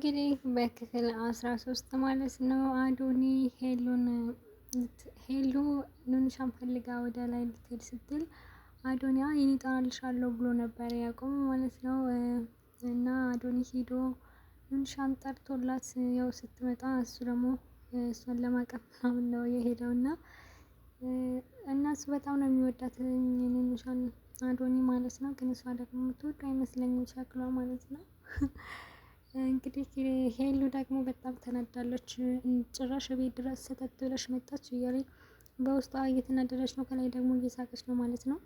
እንግዲህ በክፍል አስራ ሶስት ማለት ነው አዶኒ ሄሉን ሄሉ ኑንሻን ፈልጋ ወደ ላይ ልትሄድ ስትል አዶኒያ ይኒጣልሻለሁ ይጠራልሻለሁ ብሎ ነበር ያቆመ ማለት ነው። እና አዶኒ ሂዶ ኑንሻን ጠርቶላት ያው ስትመጣ እሱ ደግሞ እሷን ለማቀፍ ምናምን ነው የሄደው እና እና እሱ በጣም ነው የሚወዳት ኑንሻን አዶኒ ማለት ነው። ግን እሷ ደግሞ የምትወድ አይመስለኝም ሸክሏ ማለት ነው። እንግዲህ ሄሉ ደግሞ በጣም ተናዳለች። ጭራሽ ቤት ድረስ ሰተት ብለሽ መጣች እያለኝ በውስጧ እየተናደደች ነው፣ ከላይ ደግሞ እየሳቀች ነው ማለት ነው።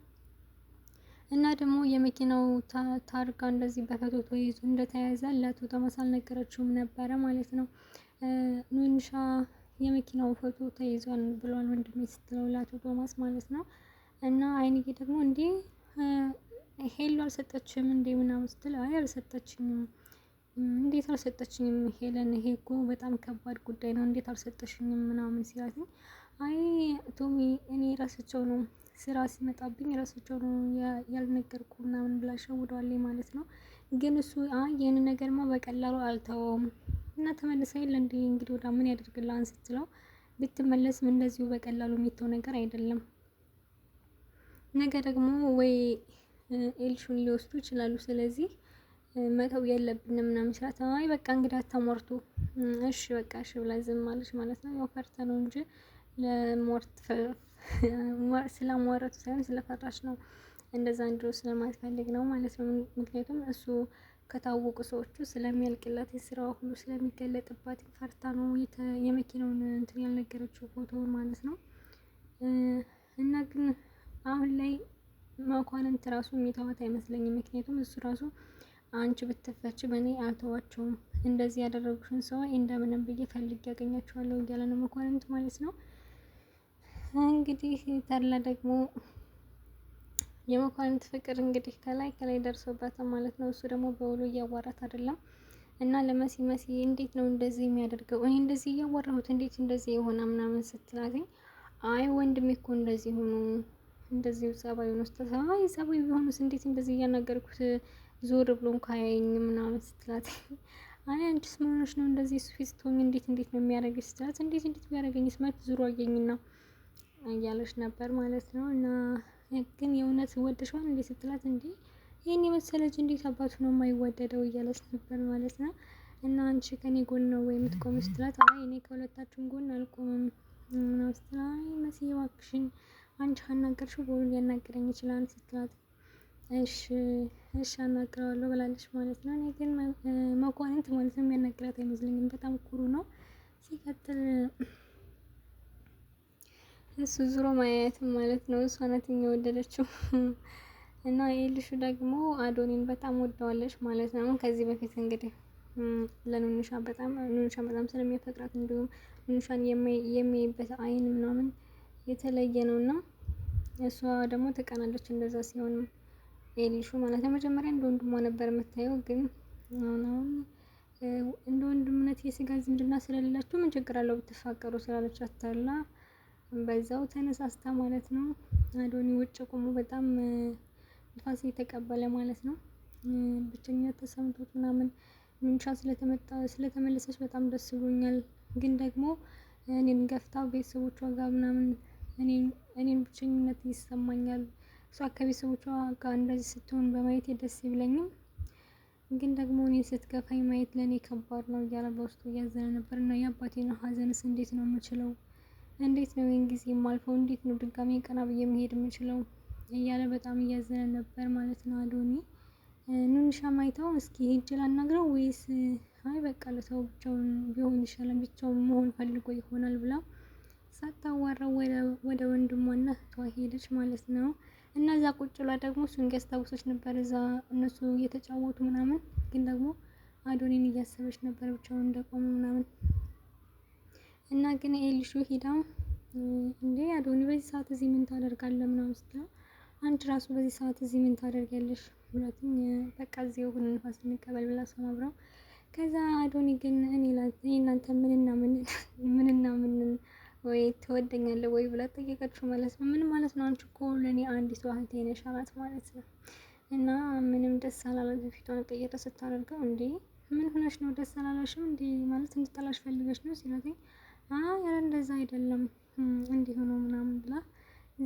እና ደግሞ የመኪናው ታርጋ እንደዚህ በፈቶ ተይዞ እንደተያዘ ለአቶ ቶማስ አልነገረችውም ነበረ ማለት ነው። ኑንሻ የመኪናው ፎቶ ተይዟል ብሏል ወንድሜ ስትለው ለአቶ ቶማስ ማለት ነው። እና አይንዬ ደግሞ እንዲህ ሄሉ አልሰጠችም እንዴ ምናምን ስትል አይ አልሰጠችኝም እንዴት አልሰጠችኝም ሄለን፣ ይሄ እኮ በጣም ከባድ ጉዳይ ነው፣ እንዴት አልሰጠሽኝም ምናምን ሲላት፣ አይ ቶሚ፣ እኔ ራሳቸው ነው ስራ ሲመጣብኝ ራሳቸው ነው ያልነገርኩ ምናምን ብላ ሸውደዋለች ማለት ነው። ግን እሱ አይ ይህን ነገርማ በቀላሉ አልተወውም እና ተመልሳ የለ እንዲ እንግዲህ ወዳ ምን ያደርግላን ስትለው፣ ብትመለስም እንደዚሁ በቀላሉ የሚተው ነገር አይደለም። ነገ ደግሞ ወይ ኤልሹን ሊወስዱ ይችላሉ። ስለዚህ መተው የለብንም ምናምን ስላት፣ አይ በቃ እንግዲህ አታሟርቱ እሺ በቃ እሺ ብላ ዝም አለች ማለት ነው። ያው ፈርታ ነው እንጂ ለሟርት ስላሟረቱ ሳይሆን ስለፈራች ነው እንደዛ እንድሮ ስለማትፈልግ ነው ማለት ነው። ምክንያቱም እሱ ከታወቁ ሰዎቹ ስለሚያልቅላት የስራዋ ሁሉ ስለሚገለጥባት ፈርታ ነው የመኪናውን እንትን ያልነገረችው ፎቶ ማለት ነው። እና ግን አሁን ላይ መኳንንት ራሱ የሚተዋት አይመስለኝም። ምክንያቱም እሱ ራሱ አንቺ ብትፈች እኔ አልተዋቸውም፣ እንደዚህ ያደረጉሽን ሰው እንደምንም ብዬ ፈልጌ ያገኛቸዋለሁ እያለ ነው መኳንንት ማለት ነው። እንግዲህ ተድላ ደግሞ የመኳንንት ፍቅር እንግዲህ ከላይ ከላይ ደርሶበት ማለት ነው። እሱ ደግሞ በውሎ እያዋራት አይደለም እና ለመሲ መሲ እንዴት ነው እንደዚህ የሚያደርገው? እኔ እንደዚህ እያወራሁት እንዴት እንደዚህ የሆነ ምናምን ስትላትኝ፣ አይ ወንድሜ እኮ እንደዚህ ሆኖ እንደዚህ ጸባዩ ነው ስትላት፣ አይ ጸባዩ ቢሆንስ እንዴት እንደዚህ እያናገርኩት ዞር ብሎ እንኳ ያየኝም ምናምን ስትላት አይ አንቺስ ምን ሆነሽ ነው እንደዚህ እሱ ፊት ስትሆኝ እንዴት እንዴት ነው የሚያደርግሽ ስትላት እንዴት እንዴት ቢያደርገኝስ መች ዞሮ አየኝና እያለች ነበር ማለት ነው። እና ግን የእውነት ወደሽዋን እንዴት ስትላት እንዴ ይህን የመሰለ ልጅ እንዴት አባቱ ነው የማይወደደው እያለች ነበር ማለት ነው። እና አንቺ ከኔ ጎን ነው ወይ የምትቆም ስትላት አይ እኔ ከሁለታችን ጎን አልቆምም ምናምን ስትላት አይ መሲ እባክሽን አንቺ ካናገርሽው በሁሉ ሊያናገረኝ ይችላል ስትላት እሺ እሺ አናግረዋለሁ ብላለች ማለት ነው። እኔ ግን መኳንንት ማለት ነው የሚያናግራት አይመስለኝም። በጣም ኩሩ ነው። ሲቀጥል እሱ ዙሮ ማየት ማለት ነው። እሷ ናት የወደደችው እና ይልሹ ደግሞ አዶኒን በጣም ወደዋለች ማለት ነው። ከዚህ በፊት እንግዲህ ለኑንሻ በጣም ኑንሻ በጣም ስለሚያፈቅራት እንዲሁም ኑንሻን የሚያይበት አይን ምናምን የተለየ ነው እና እሷ ደግሞ ትቀናለች እንደዛ ሲሆንም ኤሊሹ ማለት ነው። መጀመሪያ እንደ ወንድሟ ነበር የምታየው፣ ግን አሁን አሁን እንደ ወንድምነት የስጋ ዝምድና ስለሌላችሁ ምን ችግር አለው ብትፋቀሩ ስላለች አታላ በዛው ተነሳስታ ማለት ነው። አዶኒ ውጭ ቆሞ በጣም ንፋስ እየተቀበለ ማለት ነው። ብቸኛ ተሰምቶት ምናምን ምንሻ ስለተመለሰች በጣም ደስ ብሎኛል። ግን ደግሞ እኔን ገፍታ ቤተሰቦቿ ጋር ምናምን እኔን ብቸኝነት ይሰማኛል እሷ ከቤተሰቦቿ ጋር እንደዚህ ስትሆን በማየት ደስ ይብለኝም፣ ግን ደግሞ እኔ ስትገፋኝ ማየት ለእኔ ከባድ ነው እያለ በውስጡ እያዘነ ነበር። እና ነው ሀዘንስ እንዴት ነው የምችለው? እንዴት ነው ይህን ጊዜ የማልፈው? እንዴት ነው ድጋሜ ቀና ብዬ መሄድ የምችለው? እያለ በጣም እያዘነ ነበር ማለት ነው። አዶኒ ኑንሻ ማይታው እስኪ ሂጅ ላናግረው ወይስ አይ በቃ ለሰው ብቻውን ቢሆን ይሻላል ብቻውን መሆን ፈልጎ ይሆናል ብላ ሳታዋራው ወደ ወንድሟና እህቷ ሄደች ማለት ነው። እና እዛ ቁጭ ብላ ደግሞ እሱን እያስታወሰች ነበር። እዛ እነሱ እየተጫወቱ ምናምን፣ ግን ደግሞ አዶኒን እያሰበች ነበር ብቻውን እንደቆሙ ምናምን እና ግን ኤልሹ ሂዳ እንዴ አዶኒ በዚህ ሰዓት እዚህ ምን ታደርጋለ ምናምን ስትለው አንቺ ራሱ በዚህ ሰዓት እዚህ ምን ታደርጊያለሽ? ሁለቱም በቃ እዚህ የሆነ ንፋስ እንቀበል ብላ ሰማብረው ከዛ አዶኒ ግን እኔ እናንተ ምንና ምን ምንና ምንን ወይ ትወደኛለህ ወይ ብላ ጠየቀችው ማለት ነው። ምን ማለት ነው? አንቺ እኮ ለእኔ ሰው እህቴ ነሽ አላት ማለት ነው። እና ምንም ደስ አላላት። ፊቷን ቀየረ ስታደርገው፣ እንዴ ምን ሆነሽ ነው? ደስ አላለሽም እንዴ? ማለት እንድጠላሽ ፈልገሽ ነው ሲላትኝ፣ አይ ኧረ እንደዛ አይደለም እንዲሁ ሆኖ ምናምን ብላ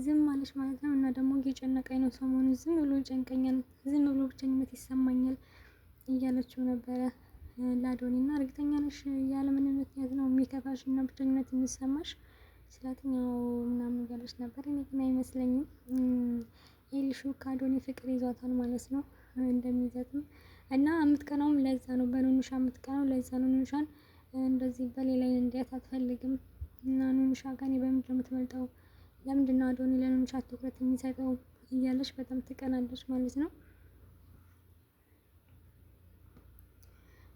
ዝም አለች ማለት ነው። እና ደግሞ እየጨነቀኝ ነው ሰሞኑን፣ ዝም ብሎ ይጨንቀኛል፣ ዝም ብሎ ብቸኝነት ይሰማኛል እያለችው ነበረ። ላዶኒ እና እርግጠኛ ነሽ ያለምንም ምክንያት ነው የሚከፋሽ እና ብቸኝነት የሚሰማሽ ስላትኝ ምናምን እያለች ነበር። እኔ ግን አይመስለኝም ኤልሹ ከአዶኒ ፍቅር ይዟታል ማለት ነው እንደሚይዛትም እና የምትቀናውም ለዛ ነው በኑኑሻ የምትቀናው ለዛ ነው። ኑኑሻን እንደዚህ በሌላ አይነት እንዲያት አትፈልግም እና ኑኑሻ ጋኔ እኔ በምንድን ነው የምትበልጠው? ለምንድን ነው አዶኒ ለኑኑሻ ትኩረት የሚሰጠው? እያለች በጣም ትቀናለች ማለት ነው።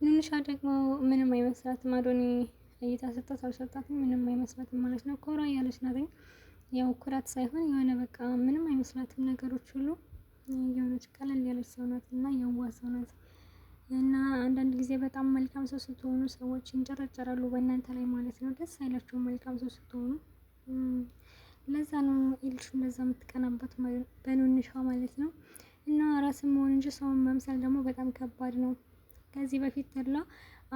ንንሻ ደግሞ ምንም አይመስላትም። አዶኒ እይታ ሰጣት አልሰጣትም ምንም አይመስላትም ማለት ነው። ኮራ ያለች ናትኝ። ያው ኩራት ሳይሆን የሆነ በቃ ምንም አይመስላትም ነገሮች ሁሉ የሆነች ቀለል ያለች ሰው ናት እና የዋ ሰው ናት እና አንዳንድ ጊዜ በጣም መልካም ሰው ስትሆኑ ሰዎች እንጨረጨራሉ በእናንተ ላይ ማለት ነው። ደስ አይላቸውም መልካም ሰው ስትሆኑ። ለዛ ነው ኤልሽ እንደዛ የምትቀናበት በንንሻ ማለት ነው። እና ራስን መሆን እንጂ ሰውን መምሰል ደግሞ በጣም ከባድ ነው። ከዚህ በፊት ተላ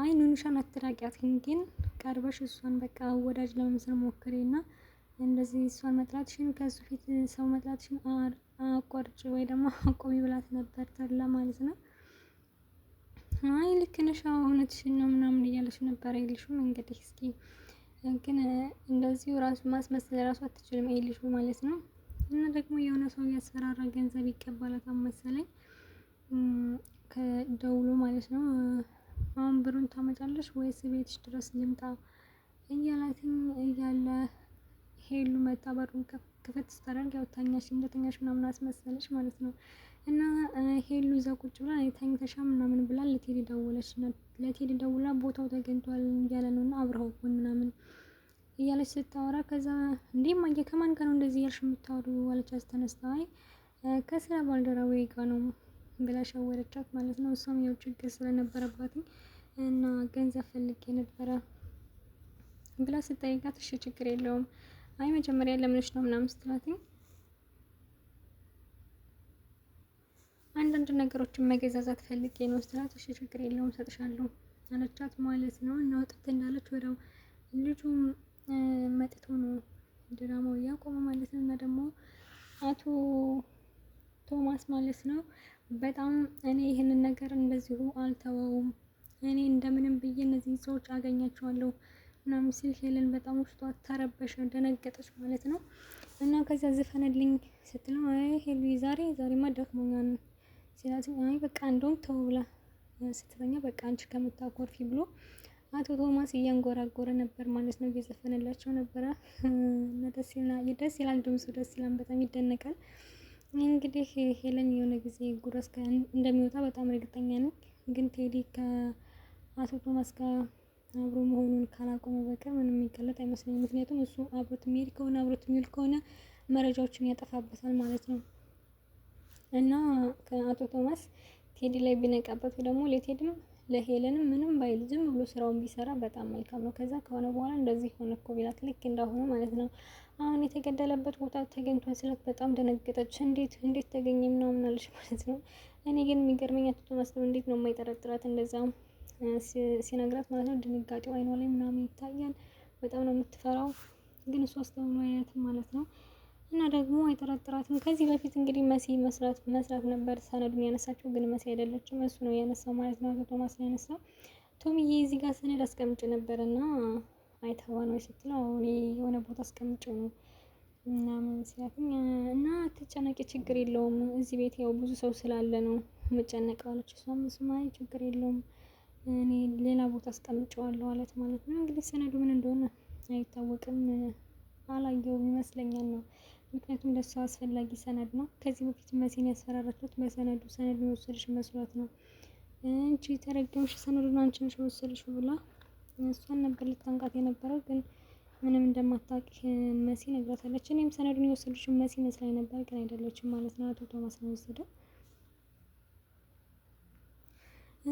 አይ ኑኑሻን አትራቂያትም፣ ግን ቀርበሽ እሷን በቃ ወዳጅ ለመምሰል ሞክሬ እንደዚህ እሷን መጥላትሽን ከሱ ፊት ሰው መጥላትሽን አቆርጭ ወይ ደግሞ አቆሚ ብላት ነበር ተላ ማለት ነው። አይ ልክ ነሽ፣ እውነትሽን ነው ምናምን እያለሽ ነበር አይልሽም። እንግዲህ እስኪ ግን እንደዚሁ ራሱ ማስመሰል ራሱ አትችልም አይልሹ ማለት ነው። እና ደግሞ የሆነ ሰው እያስፈራራ ገንዘብ ይቀበላታል መሰለኝ ከደውሎ ማለት ነው አሁን ብሩን ታመጫለሽ ወይስ ቤትሽ ድረስ ልምጣ እያላትኝ እያለ ሄሉ መጣ። በሩን ክፍት ስታደርግ ያው ተኛሽ እንደተኛሽ ምናምን አስመሰለች ማለት ነው። እና ሄሉ እዛ ቁጭ ብላ ተኝተሻ ምናምን ብላ ለቴሌ ደወለች። ለቴሌ ደውላ ቦታው ተገኝቷል እያለ ነው እና አብረው እኮ ምናምን እያለች ስታወራ ከዛ እንዴ ማየ ከማን ጋር ነው እንደዚህ እያልሽ የምታወሩ አለች አስተነስታ። ከስራ ባልደረባዬ ጋ ነው ብላ ሸወደቻት ማለት ነው። እሷም ያው ችግር ስለነበረባት እና ገንዘብ ፈልጌ ነበረ ብላ ስጠይቃት እሺ ችግር የለውም አይ መጀመሪያ ለምንሽ ነው ምናምን ስትላትኝ አንዳንድ ነገሮችን መገዛዛት ፈልጌ ነው ስትላት እሺ ችግር የለውም ሰጥሻለሁ አለቻት ማለት ነው። እና ወጣት እንዳለች ወደው ልጁ መጥቶ ነው ድራማው እያቆመ ማለት ነው። እና ደግሞ አቶ ቶማስ ማለት ነው በጣም እኔ ይህንን ነገር እንደዚሁ አልተወውም፣ እኔ እንደምንም ብዬ እነዚህ ሰዎች አገኛቸዋለሁ ምናምን ሲል ሄለን በጣም ውስጧ ተረበሸ፣ ደነገጠች ማለት ነው። እና ከዚያ ዘፈነልኝ ስትለው አይ ሄሉ ዛሬ ዛሬማ ደክሞኛል ሲላት አይ በቃ እንደውም ተው ብላ ስትለኛ፣ በቃ አንቺ ከምታኮርፊ ብሎ አቶ ቶማስ እያንጎራጎረ ነበር ማለት ነው። እየዘፈነላቸው ነበረ። ደስ ይላል ድምፁ፣ ደስ ይላል በጣም ይደነቃል። እንግዲህ ሄለን የሆነ ጊዜ ጉረስ እንደሚወጣ በጣም እርግጠኛ ነኝ። ግን ቴዲ ከአቶ ቶማስ ጋር አብሮ መሆኑን ካላቆመ በቀር ምንም የሚቀለጥ አይመስለኝም። ምክንያቱም እሱ አብሮት የሚሄድ ከሆነ አብሮት የሚውል ከሆነ መረጃዎችን ያጠፋበታል ማለት ነው እና ከአቶ ቶማስ ቴዲ ላይ ቢነቃበት ደግሞ ለቴዲም ለሄለንም ምንም ባይል ዝም ብሎ ስራውን ቢሰራ በጣም መልካም ነው። ከዛ ከሆነ በኋላ እንደዚህ ሆነ እኮ ቢላት ልክ እንዳሁኑ ማለት ነው። አሁን የተገደለበት ቦታ ተገኝቷል ስላት በጣም ደነገጠች። እንዴት እንዴት ተገኘ ምናምን አለች ማለት ነው። እኔ ግን የሚገርመኝ አቶ ቶማስ እንዴት ነው የማይጠረጥራት እንደዛ ሲነግራት ማለት ነው። ድንጋጤው አይኗ ላይ ምናምን ይታያል። በጣም ነው የምትፈራው፣ ግን ሶስት አይነት ማለት ነው ደግሞ አይጠረጥራትም። ከዚህ በፊት እንግዲህ መሲ መስራት መስራት ነበር ሰነዱን ያነሳችው፣ ግን መሲ አይደለችም እሱ ነው ያነሳው ማለት ነው። አቶ ቶማስ ነው ያነሳው። ቶምዬ እዚህ ጋር ሰነድ አስቀምጭ ነበር እና አይተዋ ነው ስትለው እኔ የሆነ ቦታ አስቀምጭ ነው ምናምን ሲላትም እና ትጨነቂ ችግር የለውም እዚህ ቤት ያው ብዙ ሰው ስላለ ነው የምጨነቀው አለች። እሷም ስማይ ችግር የለውም እኔ ሌላ ቦታ አስቀምጨዋለሁ አለት ማለት ነው። እንግዲህ ሰነዱ ምን እንደሆነ አይታወቅም፣ አላየውም ይመስለኛል ነው ምክንያቱም ለሰው አስፈላጊ ሰነድ ነው። ከዚህ በፊት መሲን ያስፈራራችሁት በሰነዱ ሰነድ የወሰድሽ መስሏት ነው እንጂ ተረገምሽ፣ ሰነዱን አንቺ ነሽ ብላ እሷን ነበር ልታንቃት የነበረው ግን ምንም እንደማታውቅ መሲ ነግራታለች። እኔም ሰነዱን የወሰደችው መሲ መስላኝ ነበር ግን አይደለችም ማለት ነው። አቶ ቶማስ ነው የወሰደው።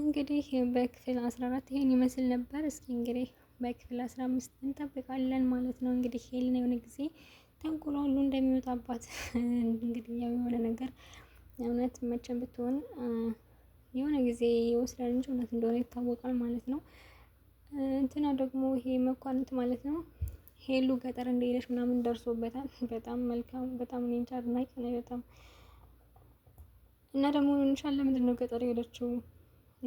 እንግዲህ በክፍል አስራ አራት ይሄን ይመስል ነበር። እስኪ እንግዲህ በክፍል አምስት እንጠብቃለን ማለት ነው። እንግዲህ ሄልን የሆነ ጊዜ ተንኮል ሁሉ እንደሚወጣባት እንግዲህ ያው የሆነ ነገር እውነት መቼም ብትሆን የሆነ ጊዜ ይወስዳል እንጂ እውነት እንደሆነ ይታወቃል ማለት ነው። እንትና ደግሞ ይሄ መኳንንት ማለት ነው ሄሉ ገጠር እንደሄደች ምናምን ደርሶበታል። በጣም መልካም በጣም እኔ እንጃ አድናቂ ነኝ በጣም እና ደግሞ ንሻን ለምንድን ነው ገጠር የሄደችው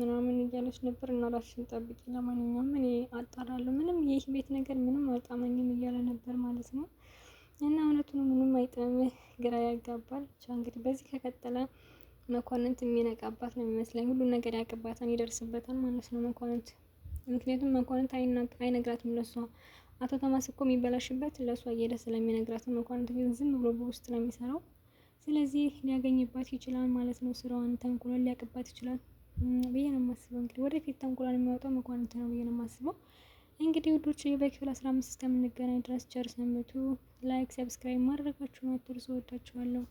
ምናምን እያለች ነበር። እና ራስሽን ጠብቂ፣ ለማንኛውም እኔ አጣራለሁ ምንም ይህ ቤት ነገር ምንም አልጣመኝም እያለ ነበር ማለት ነው። እና እውነቱን ምንም አይጥም፣ ግራ ያጋባል። ብቻ እንግዲህ በዚህ ከቀጠለ መኳንንት የሚነቃባት ነው የሚመስለኝ። ሁሉን ነገር ያቅባታል፣ ይደርስበታል ማለት ነው መኳንንት። ምክንያቱም መኳንንት አይነግራትም ለሷ። አቶ ቶማስ እኮ የሚበላሽበት ለእሷ እየደ ስለሚነግራት፣ መኳንንት ግን ዝም ብሎ በውስጥ ነው የሚሰራው። ስለዚህ ሊያገኝባት ይችላል ማለት ነው። ስራዋን ተንኩሏን ሊያቅባት ይችላል ብዬ ነው የማስበው። እንግዲህ ወደፊት ተንኩሏን የሚያወጣው መኳንንት ነው ብዬ ነው የማስበው። እንግዲህ ውዶች በክፍል 15 እስከምንገናኝ ድረስ ቸር ሰንብቱ። ላይክ፣ ሰብስክራይብ ማድረጋችሁን አትርሱ። ወዳችኋለሁ።